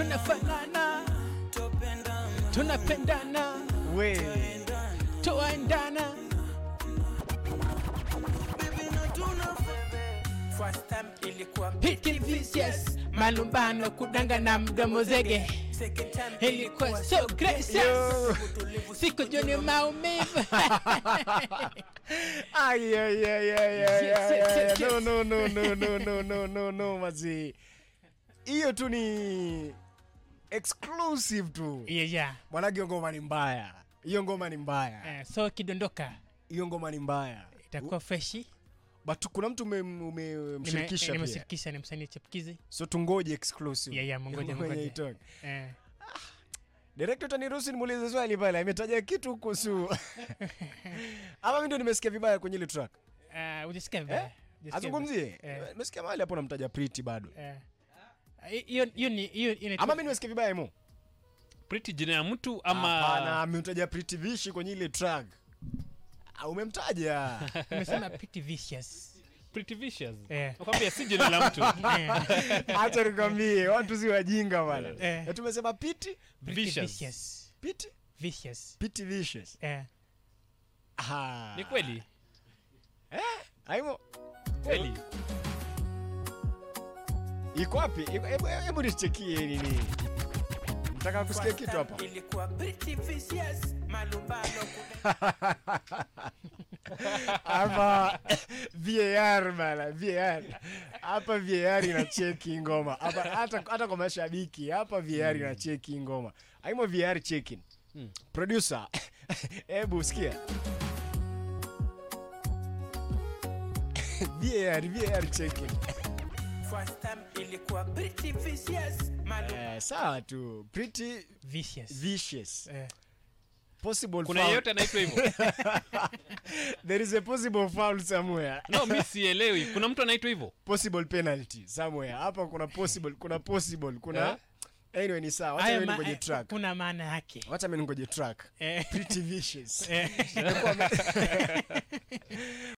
tunafanana, tunapendana, tuendana malumbano na mdomo zege ilikuwa so gracious siku joni maumivu no no no no no no no no mazi hiyo tu ni exclusive tu yeah, yeah. Mwanake hiyo ngoma ni mbaya, hiyo ngoma ni mbaya uh, so kidondoka, hiyo ngoma ni mbaya, itakuwa freshi but kuna mtu umemshirikisha nime, ni msanii Chipkizi, so tungoje exclusive yeah, yeah, mungoje, mungoje. Eh. Ah, director taniruhusu nimuulize swali pale, ametaja kitu kuhusu ama mimi ndo nimesikia vibaya kwenye ile track. Uh, eh, ujisikia vibaya eh? Azungumzie eh. mesikia mahali hapo namtaja Pretty bado eh ama mimi nimesikia vibaya mu Pretty jina ya mtu ama hapana, amemtaja Pretty Vishi kwenye ile track. Ah, umemtaja. Umesema Pretty Vicious. Pretty Vicious. Eh. si jina la mtu. Eh. hata nikwambie, watu si wajinga bana. Eh. eh. Na tumesema Pretty Vicious. Pretty Vicious. Pretty Vicious. Eh. Ah. Ni kweli? Eh? Haimo. Kweli. Iko wapi? Hebu nichekie nini. Nataka kusikia kitu hapa. Ilikuwa Vicious malumbano ama VAR bana, VAR. Hapa VAR inacheki ngoma. Hapa hata hata kwa mashabiki, hapa VAR hmm. inacheki ngoma. Haimo VAR checking. Hmm. Producer, hebu sikia. VAR, VAR checking first time ilikuwa pretty vicious Maluma. Eh, sawa tu pretty vicious, vicious. Eh. Possible kuna yeyote anaitwa hivyo there is a possible foul somewhere no mimi sielewi kuna mtu anaitwa hivyo possible penalty somewhere hapa kuna possible kuna possible kuna eh? Anyway, ni sawa. Wacha mimi ngoje eh, track. Kuna maana yake. Wacha mimi ngoje track. Eh. Pretty vicious. Eh.